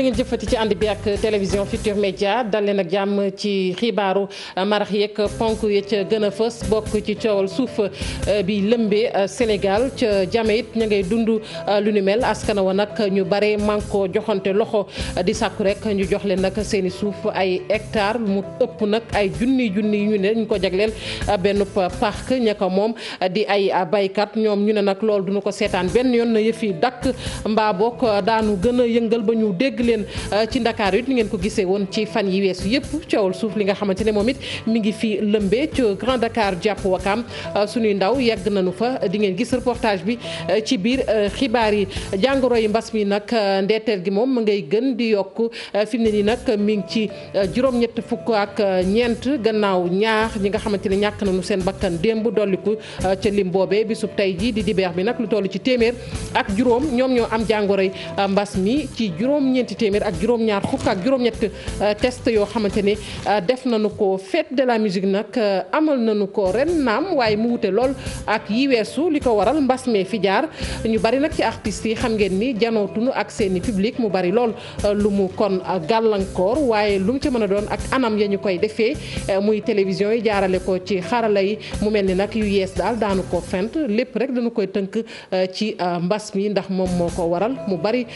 da ngeen jëfati ci ànd bi ak télévision Futur Média dal xibaaru marax yeeg ponk yi ca gën a fës bokk ci coowal suuf eh, bi lëmbee eh, Sénégal ca jame it ña ngay dund eh, lu ni mel askana wa nag ñu bare man koo joxante loxo di sàkku rek ñu jox leen nag seeni suuf ay hectare mu ëpp nag ay junni junni ñu ne ñu ko jegleel benn parc ña moom di ay baykat ñoom ñu ne nag loolu duñu ko seetaan benn yoon na yëf dakk mbaa bokk daanu gën yëngal ba ñu dégg leen euh, ci Ndakaar it ni ngeen ko gisee woon ci fan yi weesu yëpp coowal suuf li nga xamante ne moom it mu ngi fi lëmbee ci Grand Dakar jàpp Wakaam euh, suñuy ndaw yàgg nañu fa di ngeen gis reportage bi euh, ci biir xibaar yi jàngoro yi mbas mi nag ndeeteel gi moom mu ngay gën di yokk fi mu ne nii nag mi ngi ci juróom-ñett fukk ak ñeent gannaaw ñaax ñi nga xamante ne ñàkk nañu seen bakkan démb dolliku ca lim boobee bisub tey jii di dibeer bi nag lu toll ci téeméer ak juróom ñoom ñoo ñetti téeméer ak juróom-ñaar fukk ak juróom-ñett euh, test yoo xamante ne euh, def nañu ko fête de la musique nag euh, amal nañu ko ren naam waaye mu wute lool ak yi weesu li ko waral mbas mee fi jaar ñu bari nag ci artistes yi xam ngeen ni janootuñu ak seeni public mu bari lool lu mu kon gàllankoor waaye lu mu ci mën a doon ak anam ya ñu koy defee muy télévision yi jaarale ko ci xarala yi mu mel ni nag yu yees daal daanu ko fent lépp rek dañu koy tënk ci mbas mi ndax moom moo ko waral mu bari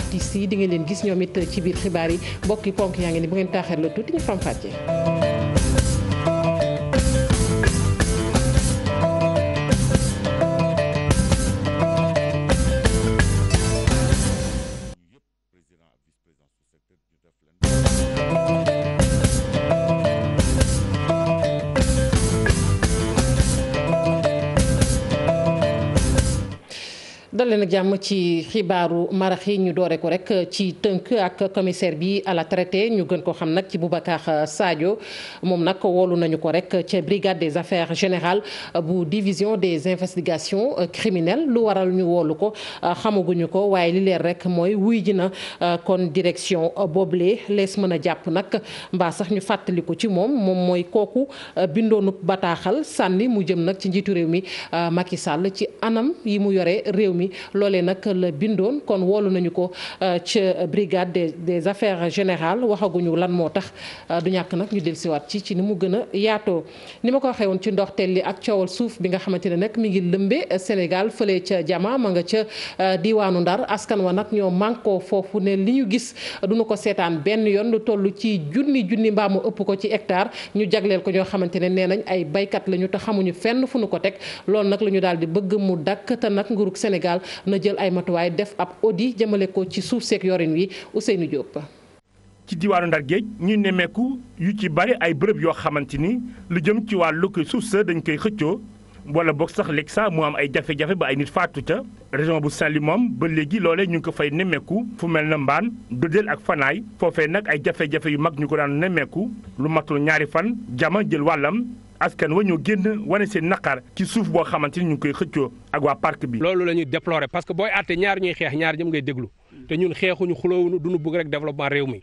artistes yi leen gis ñoom it ci biir xibaar yi mbokki ponk yaa ngi ni bu ngeen taaxeer la tuuti ñu faram fàccee dal leen jàmm ci xibaaru marax ñu doore ko rek ci tënk ak commissaire bi à traité ñu gën ko xam nag ci Boubacar Sadio moom nag woolu nañu ko rek ca brigade des affaires générales bu division des investigations criminelles lu waral ñu woolu ko xamaguñu ko waaye li leer rek mooy wuy ji na kon direction boobule lees mën a jàpp nag mbaa sax ñu fàttaliku ci moom moom mooy kooku bindoonu bataaxal sànni mu jëm nag ci njiitu réew mi Macky Sall ci anam yi mu yore réew mi loolee nag la bindoon kon woolu nañu ko euh, ca brigade de des affaires générales waxaguñu lan moo tax euh, du ñàkk nag ñu dellusiwaat ci ci ni mu gën a yaatoo ni ma ko waxee woon ci ndoxteel li ak coowal suuf bi nga xamante ne nag mi ngi lëmbe euh, Sénégal fële ca jama ma nga ca diwaanu Ndar askan wa nag ñoo mànkoo foofu ne li ñu gis duna ko seetaan benn yoon lu toll ci junni junni mbaamu ëpp ko ci hectare ñu jagleel ko ñoo xamante ne nee nañ ay baykat la ñu te xamuñu fenn fu nu ko teg loolu nag la ñu daal di bëgg mu dakk nag nguurug Sénégal na jël ay matuwaay def ab odi jëmale ko ci suuf seek yorin wi Ousseynou Diop. ci diwaanu Ndar Géej ñu nemmeeku yu ci bari ay bërëb yoo xamante ni lu jëm ci wàllu ko suuf sa dañ koy xëccoo wala boog sax léegi sax mu am ay jafe-jafe ba ay nit faatu ca région bu Saint-Louis moom ba léegi loole ñu ngi ko fay nemmeeku fu mel na Mbaan Dodel ak Fanaay foofe nag ay jafe-jafe yu mag ñu ko daan nemmeeku lu matul ñaari fan jama jël wàllam askan wa ñoo génn wane seen naqar ci suuf boo xamante ni ñu ngi koy xëccoo ak waa parc bi. loolu la ñuy déplorer parce que booy àtte ñaar ñuy xeex ñaar ñoom ngay déglu te ñun xeexuñu xuloowuñu duñu bëgg rek développement réew mi.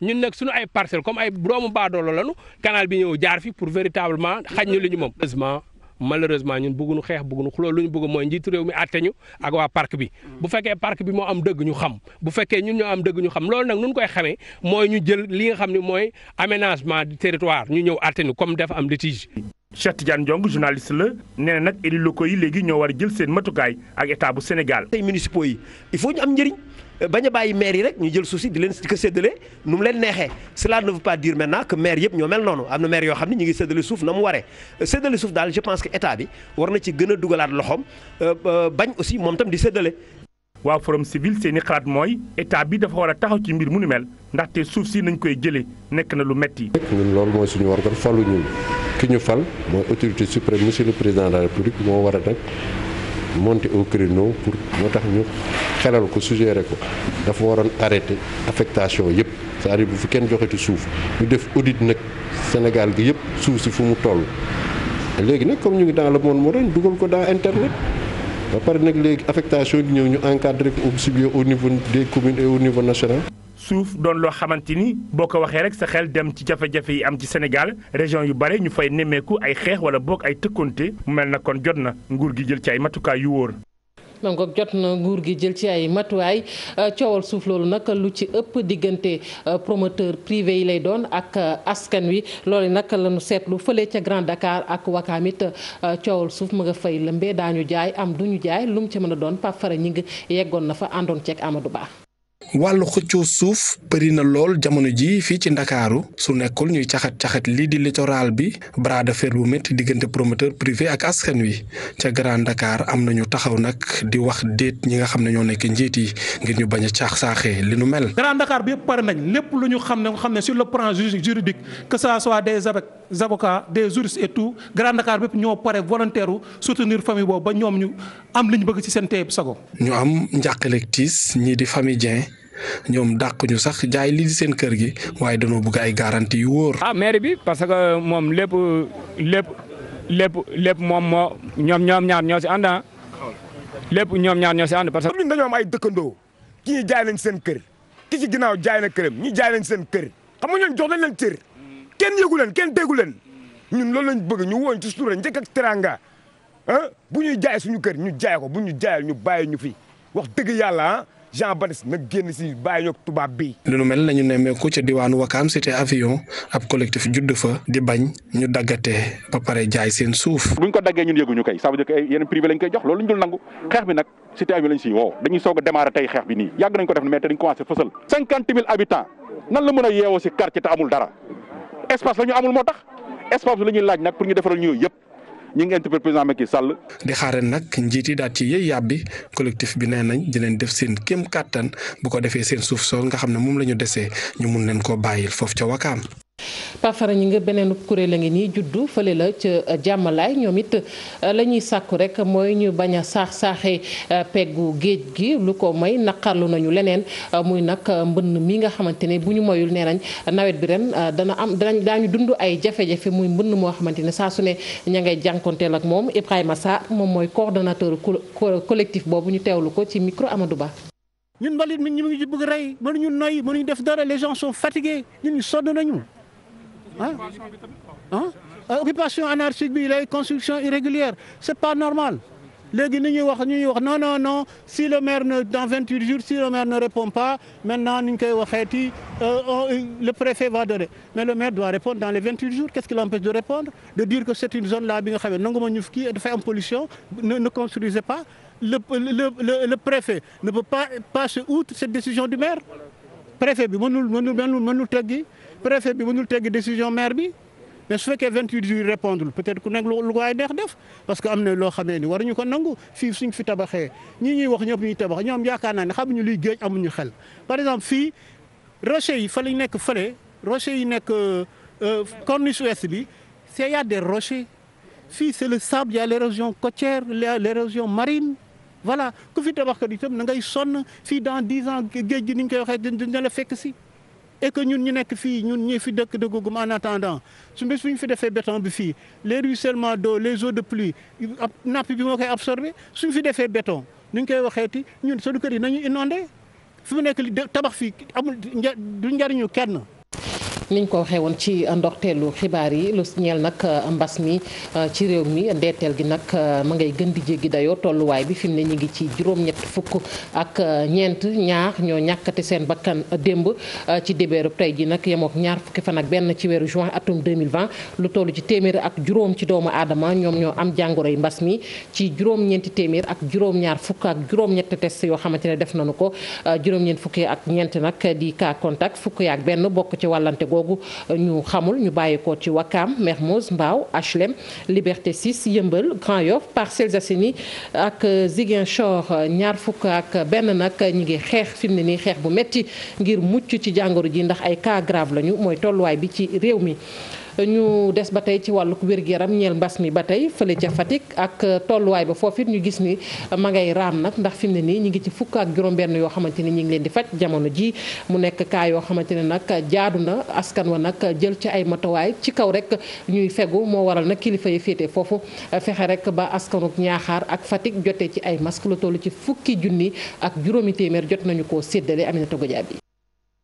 ñun nag suñu ay parcelle comme ay doomu baadoolo lañu canal bi ñëw jaar fi pour véritablement xañ ñu li ñu moom. malheureusement ñun bëgguñu xeex bëgguñu xuloo lu ñu bëgg mooy njiitu réew mi àtte ñu ak waa parc bi mm. bu fekkee parc bi moo am dëgg ñu xam bu fekkee ñun ñoo am dëgg ñu xam loolu nag nun koy xamee mooy ñu jël li nga xam ne mooy aménagement du territoire ñu ñëw àtte ñu comme dafa am litige Cheikh Tidiane Diong journaliste la nee na nag élus locaux yi léegi ñoo war a jël seen matukaay ak état bu Sénégal. tey municipaux yi il faut ñu am njëriñ bañ a bàyyi maire yi rek ñu jël suuf si di leen di ko séddale nu mu leen neexee cela ne veut pas dire maintenant que maire yëpp ñoo mel noonu am na maire yoo xam ne ñu ngi séddale suuf na mu waree séddale suuf daal je pense que état bi war na ci gën a dugalaat loxoom euh, euh, aussi moom tam di séddale. waaw forum civil seeni xalaat mooy état bi dafa war a taxaw ci mbir mu ni mel ndaxte suuf si nañ koy jëlee nekk na lu metti ñun loolu mooy suñu war falu ñun ki ñu fal mooy autorité suprême monsieur le président de la république moo war a monter au créneau pour moo tax ñu xelal ko suggéré ko dafa waroon arrêter affectation yëpp cest à bu fi kenn joxeti suuf ñu def audit nag Sénégal gi yëpp suuf si fu mu toll léegi nag comme ñu ngi dans le monde moderne dugal ko dans internet ba pare nag léegi affectation gi ñëw ñu encadré ko aussi bien au niveau des communes et au national suuf doon loo xamante ni boo ko waxee rek sa xel dem ci jafe-jafe yi am ci Sénégal région yu bare ñu fay nemmeeku ay xeex wala boog ay tëkkonte mu mel na kon jot na nguur gi jël ci ay matukaay yu wóor. donc jot na nguur gi jël ci ay matuwaay euh, coowal suuf loolu nag lu ci ëpp diggante euh, promoteur privé yi lay doon ak euh, askan wi loolu nag la ñu seetlu fële ca Grand Dakar ak Wakaam it coowal suuf mu nga fay lëmbee daa ñu jaay am du ñu jaay lu mu ci mën a doon Pape Fara ñi ngi yeggoon na fa àndoon ceeg Amadou Ba. wàllu xëccoo suuf bëri na lool jamono ji fii ci ndakaaru su nekkul ñuy caxat-caxat lii di littoral bi bras de bu métti diggante promoteur privé ak askan wi ca Grand Dakar am na ñu taxaw nag di wax déet ñi nga xam ne ñoo nekk njiit yi ngir ñu bañ a caax saaxee li nu mel. Grand Dakar bi yëpp pare nañ lépp lu ñu xam ne nga xam ne sur le plan juridique que ça soit des avocats des juristes et tout Grand Dakar bépp ñoo pare volontaire soutenir famille boobu ba ñoom ñu am li ñu bëgg ci seen teeb sago. ñu am njàqaleeg ñii di famille Dieng ñoom dàq ñu sax jaay lii di seen kër gi waaye dañoo bëgg ay garantie yu wóor. ah mairie bi parce que moom lépp lépp lépp lépp moom moo ñoom ñoom ñaar ñoo si ànd ah. lépp ñoom ñaar ñoo si ànd parce que. ñun dañoo am ay dëkkandoo kii jaay nañ seen kër ki ci ginnaaw jaay na këram ñi jaay nañ seen kër xam nga ñoom jox nañ leen cër kenn yëgu leen kenn déggu leen ñun loolu lañ bëgg ñu wooñ ci sutura njëkk ak teranga ah bu ñuy jaay suñu kër ñu jaay ko bu ñu jaay ñu bàyyi ñu fi wax dëgg yàlla ah Jean Baptiste nag génn si bàyyi ñoog tubaab bi. lu nu mel nañu nemmeeku ca diwaanu Wakaam cité avion ab collectif judd fa di bañ ñu daggatee ba pare jaay seen suuf. buñ ko daggee ñun yëguñu kay ça veut que ay privé lañ koy jox loolu ñu dul nangu xeex bi nag cité avion lañ siy woo dañuy soog a démarrer tey xeex bi nii yàgg nañ ko def mais te dañ commencé fësal. cinquante mille habitants nan la mën a yeewoo si quartier te amul dara espace la moo tax espace la laaj nag pour ñu defaral ñu yëpp ñi ngi interpellé président Macky di xaare nag njiit yi daal ci yëy yàbbi collectif bi nee nañ di leen def seen kéem kàttan bu ko defee seen suuf sool nga xam ne moom la ñu desee ñu mun leen koo bàyyil foofu ca wakaam Pafara ñi nga beneen kuréel a ngi nii juddu fële la ca euh, jàmmalaay ñoom it euh, la ñuy sàkku rek mooy ñu bañ a saax saaxe euh, peggu géej gi lu ko may naqarlu nañu leneen muy nag mbënn mi nga xamante ne bu ñu moyul nee nañ nawet bi ren dana am danañ daañu dund ay jafe-jafe muy mbënn moo xamante ne saa su ne ña ngay jànkonteel ak moom Ibrahima Sarr moom mooy coordonnateur collectif boobu ñu teewlu ko ci micro Amadou Ba. ñun mbalit mi ñu ngi bëgg rey mënuñu nañu. ah ah occupation anarchique bi lay construction irrégulière c'est léegi ni ñuy wax ñuy wax non non non si le maire ne dans vingt huit jours si le maire ne répond pas maintenant ni ñu koy waxeeti euh, euh, le préfet va donner mais le maire doit répondre dans les vingt huit jours qu'est-ce qui l'empêche de répondre de dire que c'est une zone là bi nga xam ne nanguma ñuf kii dafay am pollution ne ne construisez pas le le le préfet ne peut pas passer outre cette décision du maire préfet bi mënul mënul mënul préfet bi mënul tegg décision maire bi mais su fekkee 28 jours yi répondre peut-être ku nekk lu waay deex def parce que am na loo xamee ni waruñu ko nangu fii suñ fi tabaxee ñi ñuy wax ñëpp ñuy tabax ñoom yaakaar naa ne xamuñu luy géej amuñu xel par exemple fii rochers yi fa ñu nekk fële rochers yi nekk euh, corniche ouest bi c'est y a des rochers fii c'est le sable y a l'érosion côtière l'érosion marine voilà ku fi tabax kat itam na ngay sonn fii dans 10 ans géej gi ni ñu koy waxee dina la fekk si et que ñun ñu nekk fii ñun ñi fi dëkk dëggagum en attendant su mbés su ñu fi defee béton bi fii les ruissellements d'eau les eaux de pluie napp bi moo koy absorbé suñ fi defee béton nu ñu koy waxeeti ñun sunu kër yi nañu inondé fu mu nekk tabax fii amul du njariñu kenn. liñ ko waxee woon ci ndorteelu xibaar yi lu ñeel nag uh, mbas mi uh, ci réew mi ndeeteel gi nag uh, ma ngay gën di jéggi dayoo tolluwaay bi fi ne ñu ngi ci juróom-ñett fukk ak ñeent ñaar ñoo ñàkkate seen bakkan démb ci dibéerub tey ji nag yemook ñaar fukki fan ak benn ci weeru juin atum 2020 lu toll ci téeméer ak juróom ci doomu aadama ñoom ñoo am jàngoroy mbas mi ci juróom ak juróom fukk ak juróom-ñett test yoo xamante ne def nañu ko juróom-ñeent fukki ak ñeent nag di cas contact fukk yaak benn bokk ci wàllante googu ñu xamul ñu bàyyi ko ci Wakam Mermoz Mbao HLM Liberté 6 Yëmbal Grand Yoff Parcelles Assainies ak Ziguinchor ñaar fukk ak benn nag ñi ngi xeex fi mu ne xeex bu metti ngir mucc ci jàngoro ji ndax ay cas grave lañu mooy tolluwaay bi ci réew mi. ñu des ba tey ci wàlluk wér-gu-yaram ñeel mbas mi ba tey fële ca Fatick ak tolluwaay ba foofu it ñu gis ni ma ngay raam nag ndax fi mu ne nii ñu ngi ci fukk ak juróom-benn yoo xamante ni ñu ngi leen di faj jamono ji mu nekk kaa yoo xamante ne nag jaadu na askan wa nag jël ci ay matuwaay ci kaw rek ñuy fegu moo waral nag kilifa yi féete foofu fexe rek ba askanuk ñaaxaar ak Fatick jotee ci ay masque lu toll ci fukki junni ak juróomi téeméer jot nañu ko séddale Aminata Godiaby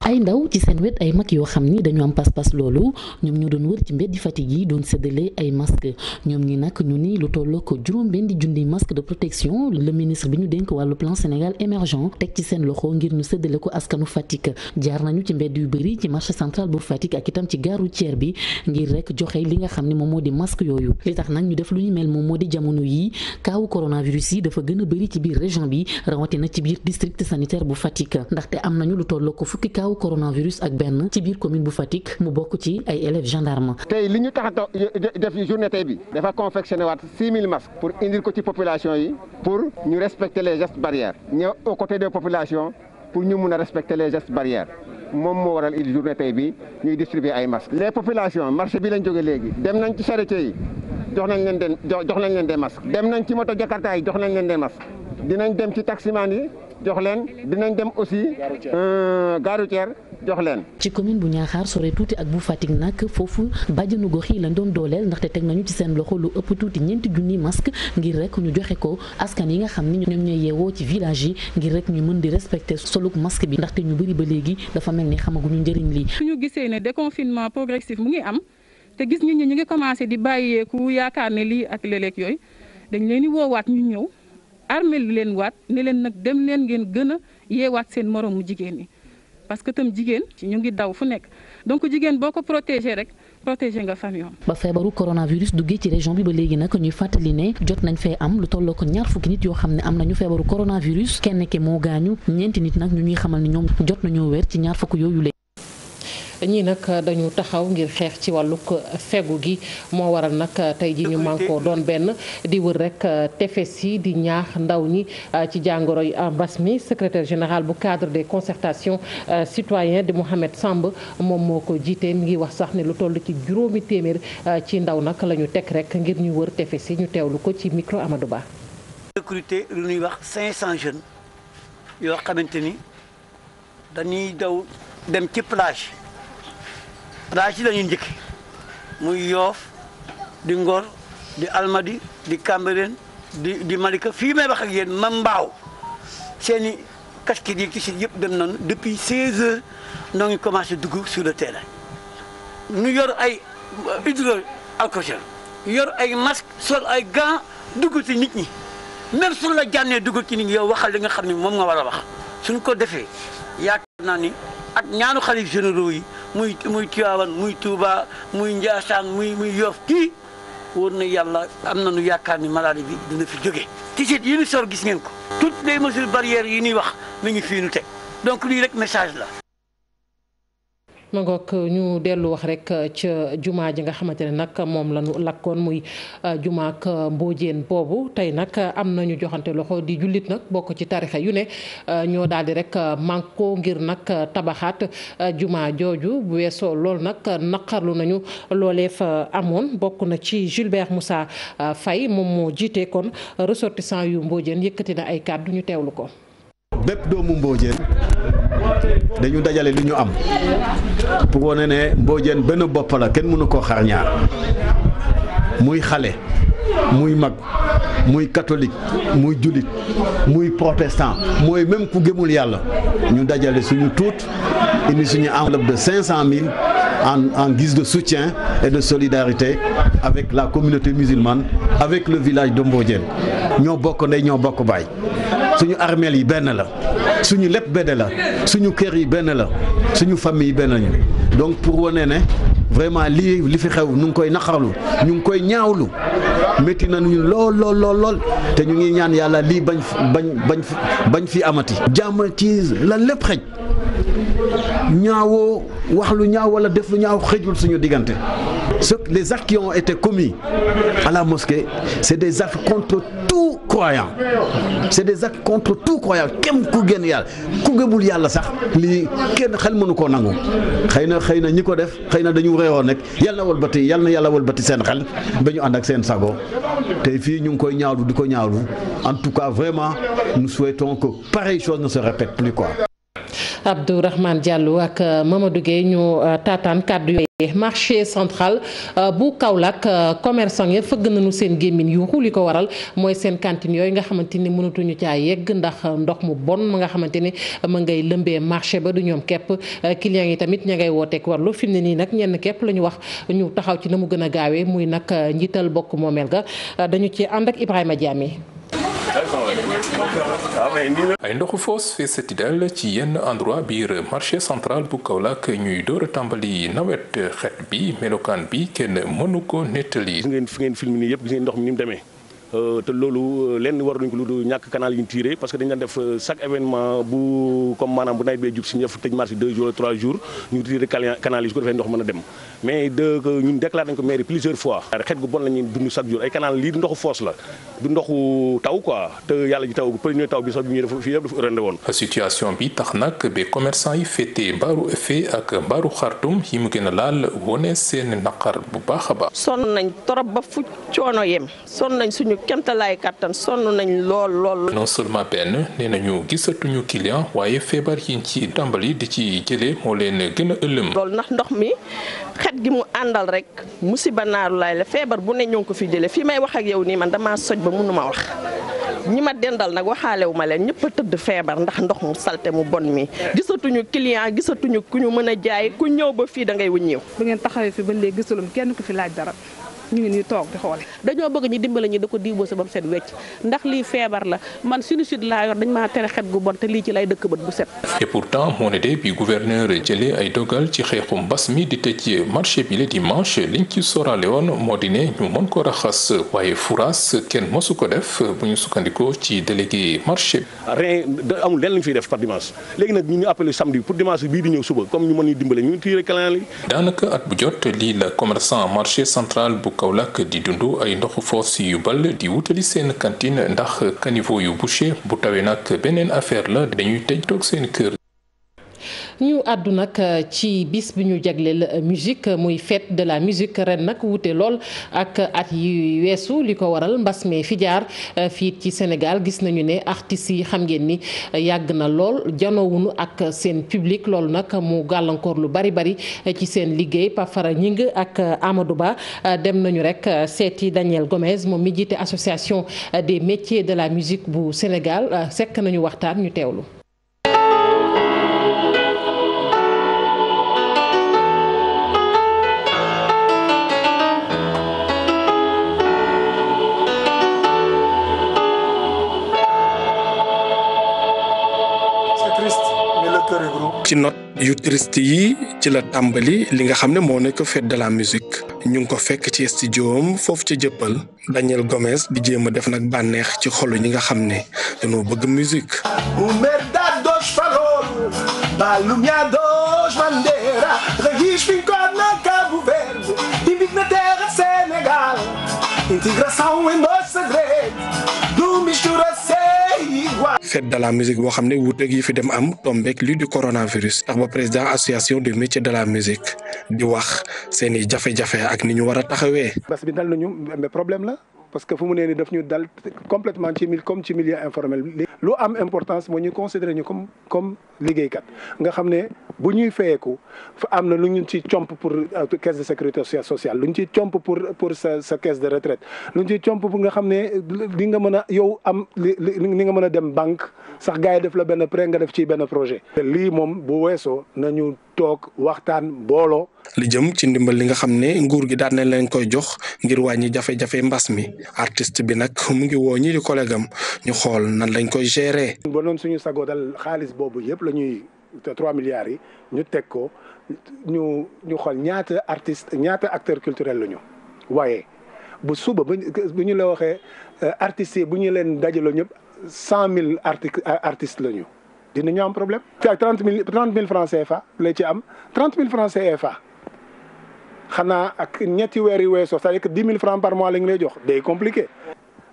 ay ndaw ci seen wet ay mag yoo xam ni dañu am pas-pas loolu ñoom ñu doon wër ci mbeddi Fatick yi doon séddale ay masque ñoom ñi nag ñu ni lu tolloo ko juróom benn di junni masque de protection le ministre bi ñu dénk wàllu plan Sénégal émergent teg ci seen loxo ngir ñu séddale ko askanu Fatick jaar nañu ci mbedd yu bëri ci marché central bu Fatick ak itam ci gaaru ceer bi ngir rek joxe li nga xam ne moom moo di masque yooyu li tax nag ñu def lu ñu mel moom moo di jamono yi kaawu coronavirus yi dafa gën a bëri ci biir région bi rawatina ci biir district sanitaire bu Fatick ndaxte am nañu lu tolloo ko fukki kaaw aw coronavirus ak benn ci biir commune bu Fatick mu bokk ci ay élèves gendarme. tey li ñu tax a def journée tey bi dafa confectionné waat 6000 masques pour indil ko ci population yi pour ñu respecter les gestes barrières ñëw aux côtés des populations pour ñu mun a respecter les gestes barrières. moom moo waral il journée tey bi ñuy distribuer ay masques. les populations marché bi lañ jógee léegi dem nañ ci charité yi jox nañ leen den jox nañ leen des dem nañ ci moto jakarta yi jox nañ leen des masques dinañ dem ci jox leen dinañ dem aussi gare routière euh, jox leen. ci commune bu ñaaxaar sore tuuti ak bu Fatick nag foofu bàjjenu gox yi lañ doon dooleel ndaxte teg nañu ci seen loxo lu ëpp tuuti ñeenti junni masque ngir rek ñu joxe ko askan yi nga xam ni ñoom ñooy yeewoo ci village yi ngir rek ñu mën di respecter soluk masque bi ndaxte ñu bëri ba léegi dafa mel ni xamaguñu njëriñ lii. su ñu gisee ne déconfinement progressif mu ngi am te gis nit ñi ñu ngi commencé di bàyyeeku yaakaar ne lii ak léeg yooyu dañ leen di woowaat ñu ñëw. armeel li leen waat ne leen nag dem leen ngeen gën a yeewaat seen moroomu jigéen ñi parce que tam jigéen ci ñu ngi daw fu nekk donc jigéen boo ko protéger rek protéger nga famille am ba feebaru coronavirus duggee ci région bi ba léegi nag ñuy fàttali ne jot nañ fee am lu tolloo ko ñaar fukki nit yoo xam ne am ñu feebaru coronavirus kenn ki moo gaañu ñeenti nit nag ñu ñuy xamal ne ñoom jot nañoo wér ci ñaar fukk yooyu ñii nag dañu taxaw ngir xeex ci wàllug fegu gi moo waral nag tey ji ñu mànkoo doon benn di wër rek euh, tefes yi di ñaax ndaw ñi euh, ci jàngoro yi mbas mi secretaire général bu cadre des concertations euh, citoyens di Mouhamed Samb moom moo ko jiitee mi ngi wax sax ne lu toll ci juróomi téeméer ci ndaw nag la ñu teg rek ngir ñu wër tefes yi ñu lu ko ci micro Amadou Ba. recruter lu ñuy wax jeunes yoo xamante ni daa ci la njëkk muy yoof di ngor di almadi di Cambérène di di Malika fii may wax ak yéen ma mbaaw seeni i casquettes yi ci yëpp dem nañu depuis 16 heures noo ngi commencé dugg sur le terrain ñu yor ay hydroalcool yor ay masque sol ay gants dugg ci nit ñi même suñu la jànnee dugg ci nit ñi yow waxal li nga xam ne moom nga war a wax suñ ko defee yaakaar naa ni ak ñaanu xalif généraux yi muy muy Tiwaawan muy Touba muy Njaasaan muy muy Yoff kii wóor na yàlla am nañu yaakaar ni maladie bi na fi jóge tisit yi ñu sor gis ngeen ko toutes les mesures barrières yi nuy wax mi ngi fii nu teg donc lii rek message la ma ñu dellu wax rek euh, ca jumaa ji nga xamante ne nag moom la lakkoon muy euh, jumaak euh, mboojeen boobu tey nag am nañu joxante loxo di jullit nag bokk ci tarixa yu ne ñoo daal rek manko ngir nag tabaxaat jumaa jooju bu weesoo lool nag naqarlu nañu loolee amoon bokk na ci Gilbert Moussa fay moom moo jiite kon ressortissant yu mboojeen yëkkati na ay kàddu ñu teewlu ko bépp doomu mboojeen dañu dajale li ñu am pour wane ne Mbodiène benn bopp la kenn mënu koo xar ñaar muy xale muy mag muy catholique muy jullit muy protestant mooy même ku gëmul yàlla ñu dajale suñu tuut indi suñu enveloppe de cinq cent mille en en guise de soutien et de solidarité avec la communauté musulmane avec le village de Mbodiène ñoo bokk ndey ñoo bokk baay suñu armeel yi benn la suñu lépp benn la suñu kër yi benn la suñu famille yi benn lañu donc pour wane ne vraiment lii li fi xew ñu ngi koy naqarlu ñu ngi koy ñaawlu métti na lool lool lool lool te ñu ngi ñaan yàlla lii bañ bañ bañ fi amati. jàmm ci la lépp xëj ñaawoo wax lu ñaaw wala def lu ñaaw xëjul suñu diggante. ce les actes qui ont été commis à la c'est des actes contre croyant c'est des actes contre tout croyant kem ku gën yàlla ku gëmul yàlla sax li kenn xel mënu koo nangu xëy na xëy na ñi ko def xëy na dañu réewoon rek yàlla na walbati yàlla na yàlla walbati seen xel ba ñu ànd ak seen sago te fii ñu ngi koy ñaawlu di ko ñaaru en tout cas vraiment nous souhaitons que pareille chose ne se répète plus quoi Abdourahmane Diallo ak euh, Mamadou Gueye ñu euh, taataan kàddu yooyu marché central euh, bu Kaolack commerçant ya fëgg nañu seen gémmiñ yuuxu li ko waral mooy seen cantine yooyu nga xamante ni mënatuñu caa yegg ndax ndox mu bon ma nga xamante ni ma ngay lëmbee marché ba du ñoom képp clients yi tamit ña ngay wooteek warlu fi mu ne nii nag ñenn képp la ñu wax ñu taxaw ci na mu gën a gaawee muy nag njiital bokk moomeel ga dañu ci ànd ak Ibrahima Diamé ay ndoxu foos fee dal ci yenn endroit biir marché central bu Kaolack ñuy door a tàmbali nawet xet bi melokaan bi kenn mënu ko nettali. gis ngeen fi ngeen film nii yëpp gis ngeen ndox mi ni mu demee. Euh, te loolu euh, lenn waruñu ko lu dul ñàkk canal yu ñu tiré parce que dañu daan def euh, chaque événement bu comme maanaam bu nawet bee jub si ñu def tëj marché 2 jours 3 jours ñu tiré canal yi su ko defee ndox mën a dem mais de ñun déclaré nañu ko mairie plusieurs fois xet gu bon la dund chaque jour ay canal lii du ndoxu foos la du ndoxu taw quoi te yàlla ji taw premier taw bi sax bi ñuy def fii yëpp dafa rende woon situation bi tax ba commerçant yi féetee e a a ba fu coono kemtalaay kàttan sonn nañ lool lool. non seulement benn nee nañu gisatuñu client waaye feebar yi ci tàmbali di ci jëlee moo leen gën ëllëm. loolu ndax ndox mi xet gi mu àndal rek musiba naaru laay la feebar bu ne ñoo ko fi jëlee fii may wax ak yow nii man dama soj ba mënuma wax. ñi ma dendal nag waxaalewuma leen ñëpp tëdd feebar ndax ndox mu salte mu bon mi gisatuñu client gisatuñu ku ñu mën a jaay ku ñëw ba fii da ngay wuññeew. bu ngeen taxawee fi ba léegi gisulum kenn ku fi laaj dara. ñu ngi nii toog di xoole dañoo bëgg ñu dimbale ñu da ko diw sa ba mu set wecc ndax lii feebar la man sinusite laa yor dañ maa tere xet gu bon te lii ci lay dëkk bët bu set et pourtant moo ne de bi gouverneur jëlee ay dogal ci xeexu mbas mi di tëj marché bi le dimanche liñ ci sorale woon moo di ne ñu mën ko raxas waaye furaas kenn mosu ko def bu ñu sukkandikoo ci délégué marché bi rien amul lenn lañ fiy def par dimanche léegi nag ñu ñu appelé samedi pour dimanche bii di ñëw Kaolack di dundu ay ndoxu force yu bal di wutali seen cantine ndax caniveau yu bouché bu tawee nag beneen affaire la dañuy tëj toog seen kër. ñu àddu nag euh, ci bis bi ñu jagleel euh, musique euh, muy fête de la musique ren nag wute lool ak at yi weesu li ko waral mbas mi fi jaar fii ci Sénégal gis nañu ne artistes yi xam ngeen ni yàgg na lool janoowunu ak seen publique loolu nag mu gàllankoor lu bari bari ci seen liggéey Pafara Ñing ak Amadou Ba dem nañu rek seeti Daniel Gomez moom mi jiite association des métiers de la musique bu Sénégal sekk nañu waxtaan ñu teewlu. yu triste yi ci la tàmbali li nga xam ne moo nekk fête de la musique ñu ngi ko fekk ci studio am foofu ca jëppal Daniel Gomes di jéem a def nag bànneex ci xolu ñi nga xam ne dañoo bëgg musique integração em nossa fête de la musique boo xam ne wuuteeg yi fi dem am tombeek lii di coronavirus tax ba président association des métiers de la di wax seen i jafe ak ni ñu war a taxawee. bas bi dal nañu problème la. parce que fu mu nee ni daf ñu dal complètement ci mil comme ci milieu informel bi. lu am importance moo ñu considéré ñu comme comme liggéeykat nga xam ne bu ñuy fayeeku fu am na lu ñu ci comp pour euh, caisse de sécurité sociale lu ñu ci comp pour pour sa sa caisse de retraite lu ñu ci comp bu nga xam ne li nga mën a yow am li li nga mën a dem banque sax gars yi def la benn prêt nga def ci benn projet. lii moom bu weesoo na ñu toog waxtaan booloo. li jëm ci ndimbal li nga xam ne nguur gi daan na leen koy jox ngir wàññi jafe-jafe mbas mi artiste bi nag mu ngi woo ñi di collègue am ñu xool nan lañ koy gérer. ba suñu sago dal xaalis boobu yëpp la ñuy trois milliards yi ñu teg ko ñu ñu xool ñaata artiste ñaata acteur culturel la ñu waaye bu suba bu ñu la waxee artistes yi bu ñu leen dajaloo ñëpp cent mille arti artistes la ñu. dinañu am problème fii ak trente mille trente mille francs CFA la ci am trente mille francs CFA xanaa ak ñetti weer yu weesoo cest que dix mille francs par mois lañ lay jox day compliqué.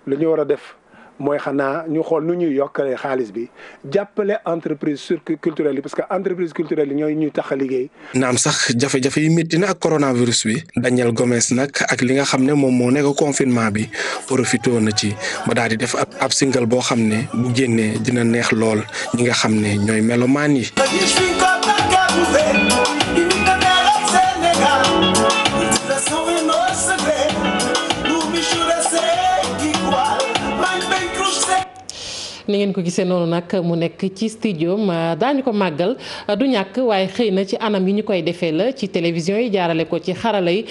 lu ñu war a def. mooy xanaa ñu xool nu ñuy yokkalee xaalis bi jàppale entreprise surtout culturel yi parce que entreprise culturelle yi ñooy ñuy tax a liggéey. naam sax jafe-jafe yi métti na ak coronavirus bi. Daniel Gomes nag ak li nga xam ne moom moo nekk confinement bi profité na ci ba daal di def ab single boo xam ne bu génnee dina neex lool ñi nga xam ne ñooy melo maan yi. ngeen ko gisee noonu nag mu nekk ci studio daañu ko màggal du ñàkk waaye xëy na ci anam yi ñu koy defee la ci télévision yi jaarale ko ci xarala yi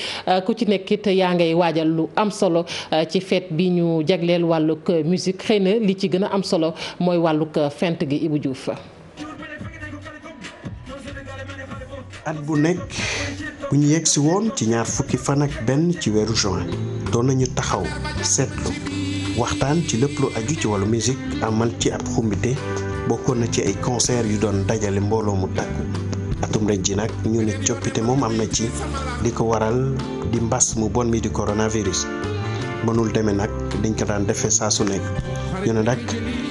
ku ci nekk it yaa ngay waajal lu am solo ci fête bi ñu jagleel wàllug musique xëy na li ci gën a am solo mooy wàllug fent gi Ibou Diouf. at bu nekk bu ñu yegsi woon ci ñaar fukki fan ak benn ci weeru juin doon nañu taxaw seetlu. waxtaan ci lépp lu aju ci wàllu musique amal ci ab xumbite bokkoon na ci ay concert yu doon dajale mbooloo mu takku atum ren ji nag ñu ne coppite moom am na ci li ko waral di mbas mu bon mi di coronavirus mënul demee nag dañ ko daan defee saa su nekk ñu ne nag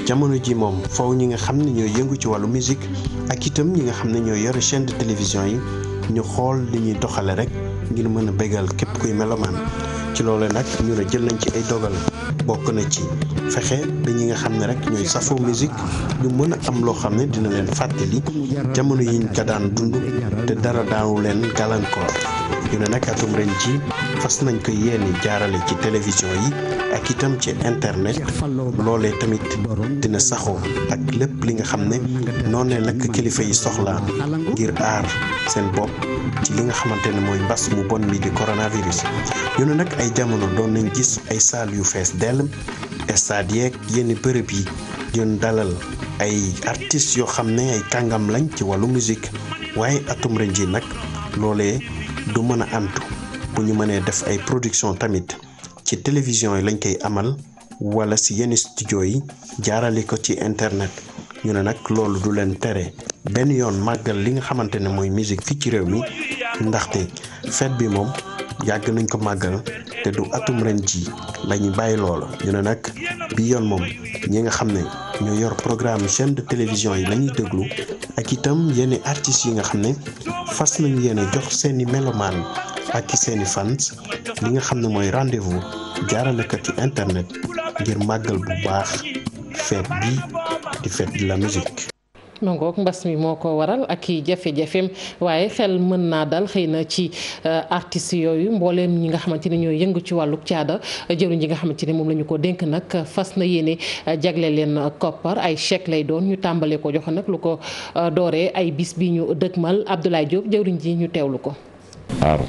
jamono ji moom faw ñi nga xam ne ñooy yëngu ci wàllu musique ak itam ñi nga xam ne ñoo yore chaîne de télévision yi ñu xool li ñuy doxale rek ngir mën a bégal képp kuy melomaan ci loole nag ñu ne jël nañ ci ay dogal bokk na ci fexe ba ñi nga xam ne rek ñooy safoo musique ñu mën a am loo xam ne dina leen fàttali jamono yiñ ko daan dund te dara daawu leen gàllankoor. ñu nag atum ren ji fas nañ ko yéene jaarale ci télévision yi ak itam ci internet loolee tamit dina saxoo ak lépp li nga xam ne noonee lakk kilifa yi soxla ngir aar seen bopp ci li nga xamante ne mooy mbas mu bon mi di coronavirus ñu ne nag ay jamono doon nañ gis ay saal yu fees dell stade yeeg yenn bërëb yi doon dalal ay artistes yoo xam ne ay kàngam lañ ci wàllu musique waaye atum ren ji nag loolee du mën a antu bu ñu mënee def ay production tamit ci télévision yi lañ koy amal wala si yenn studio yi jaarale ko ci internet ñu ne nag loolu du leen tere benn yoon màggal li nga xamante ne mooy musique fii ci réew mi ndaxte fête bi moom yàgg nañ ko màggal te du atum ren ji la ñu bàyyi loolu ñu ne nag bi yoon moom ñi nga xam ne ñu yor programme chaîne de télévision yi la ñuy déglu ak itam yenn artistes yi nga xam ne fas nañ yéen a jox seeni melomaan ak ci seeni fans li nga xam ne mooy rendez-vous jaaralekat ci internet ngir màggal bu baax fête bi di fête de la musique ma mbas mi moo ko waral ak i jafe-jafeem waaye xel mën naa dal xëy na ci euh, artistes yooyu mbooleem ñi nga xamante ne ñoo yëngu ci wàllu caada jëruñ yi nga xamante ne moom lañu ñu ko dénk nag fas na yéene euh, jagle leen koppar ay chèque lay doon ñu tàmbalee ko joxe nag lu ko euh, dooree ay bis bi ñu dëgmal Abdoulaye Diop jëruñ ji ñu lu ko. aar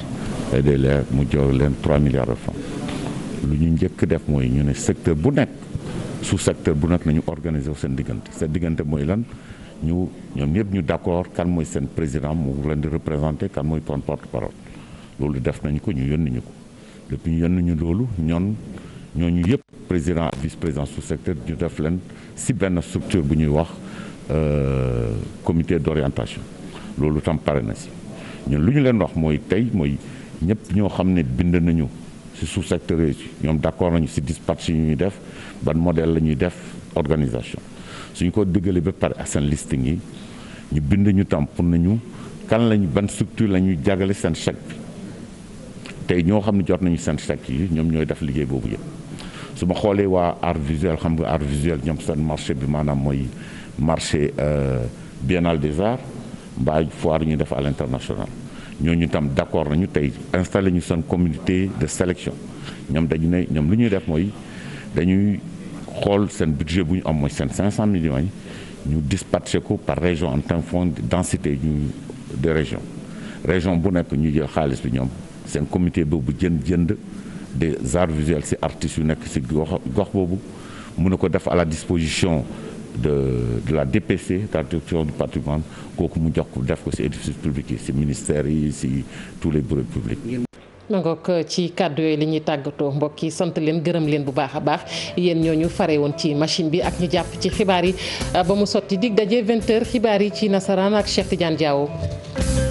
day leer mu jox leen 3 milliards de lu ñu njëkk def mooy ñu ne secteur bu nekk sous secteur bu nekk nañu organiser seen diggante seen diggante mooy lan. ñu ñoom ñëpp ñu d'accord kan mooy seen président mu leen di représenté kan mooy pon porte-parole loolu def nañu ko ñu yónni ñu ko depuis ñu yónni ñu loolu ñoon ñooñu yëpp président ak vice-président sous-secteur ñu def leen si benn structure bu ñuy wax euh, comité d'orientation loolu tam pare na si ñun lu ñu leen wax mooy tey mooy ñëpp ñoo xam ne bind nañu si sous-secteur yooyu ñoom d'accord nañu si dispatch yi ñuy def ban modèle la ñuy def organisation suñ ko dëggalee ba pare ak seen listing yi ñu bind ñu tam pour nañu kan lañu ban structure la ñuy jagale seen chèque bi tey ñoo xam ne jot nañu seen chèque yi ñoom ñooy def liggéey boobu yëpp su ma xoolee waa art visuel xam nga art visuel ñoom seen marché bi maanaam mooy marché euh, biennale des arts mbaa foire ñu def à l'international ñooñu tam d'accord nañu tey installé ñu seen communauté de sélection ñoom dañu ne ñoom lu ñuy def mooy dañuy xool seen budget bu ñu am mooy seen 500 millions yi ñu dispatché ko par région en tant que fonds densité ñu de région région bu nekk ñu jël xaalis bi ñoom seen commité boobu jënd jënd de arts visuels ci artistes yu nekk ci gox boobu mu ne ko def à la disposition de de la DPC la direction du patrimoine kooku mu jox ko def ko ci édifices publics yi ci ministères yi ci tous les bureaux nangook eh, ci kàddu yooyu li ñuy tàggatoo mbokk yi sant leen gërëm leen bu baax a baax yéen ñu fare woon ci machine bi ak ñu jàpp ci xibaar yi eh, ba mu sotti dig daje 20 xibaar yi ci nasaraan ak Cheikh Tidiane